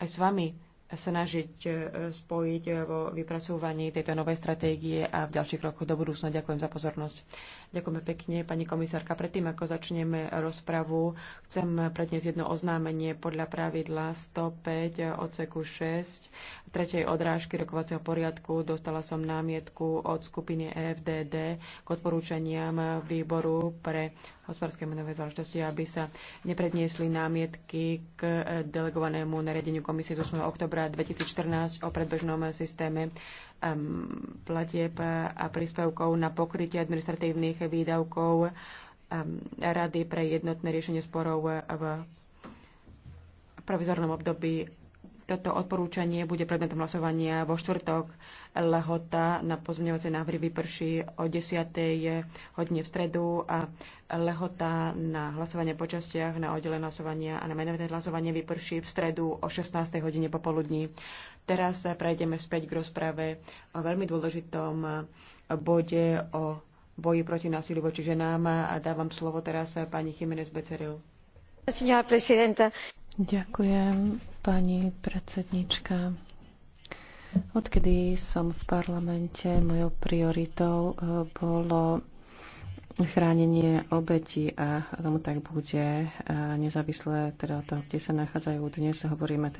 aj s vami snažiť e, spojiť e, vo vypracovaní tejto novej stratégie a v ďalších rokoch do budúcna. Ďakujem za pozornosť. Ďakujeme pekne, pani komisárka. Predtým, ako začneme rozpravu, chcem predniesť jedno oznámenie podľa pravidla 105 e, odseku 6 tretej odrážky rokovacieho poriadku. Dostala som námietku od skupiny EFDD k odporúčaniam výboru pre hospodárske menové záležitosti, aby sa nepredniesli námietky k delegovanému nariadeniu komisie z 8. oktobra 2014 o predbežnom systéme platieb a príspevkov na pokrytie administratívnych výdavkov Rady pre jednotné riešenie sporov v provizornom období toto odporúčanie bude predmetom hlasovania vo štvrtok. Lehota na pozmeňovacie návrhy vyprší o 10. hodine v stredu a lehota na hlasovanie po častiach, na oddelené hlasovania a na menové hlasovanie vyprší v stredu o 16. hodine popoludní. Teraz prejdeme späť k rozprave o veľmi dôležitom bode o boji proti násiliu voči ženám a dávam slovo teraz pani Jiménez Beceril. Ďakujem pani predsednička. Odkedy som v parlamente, mojou prioritou eh, bolo chránenie obetí a tomu tak bude eh, nezávisle teda od toho, kde sa nachádzajú. Dnes hovoríme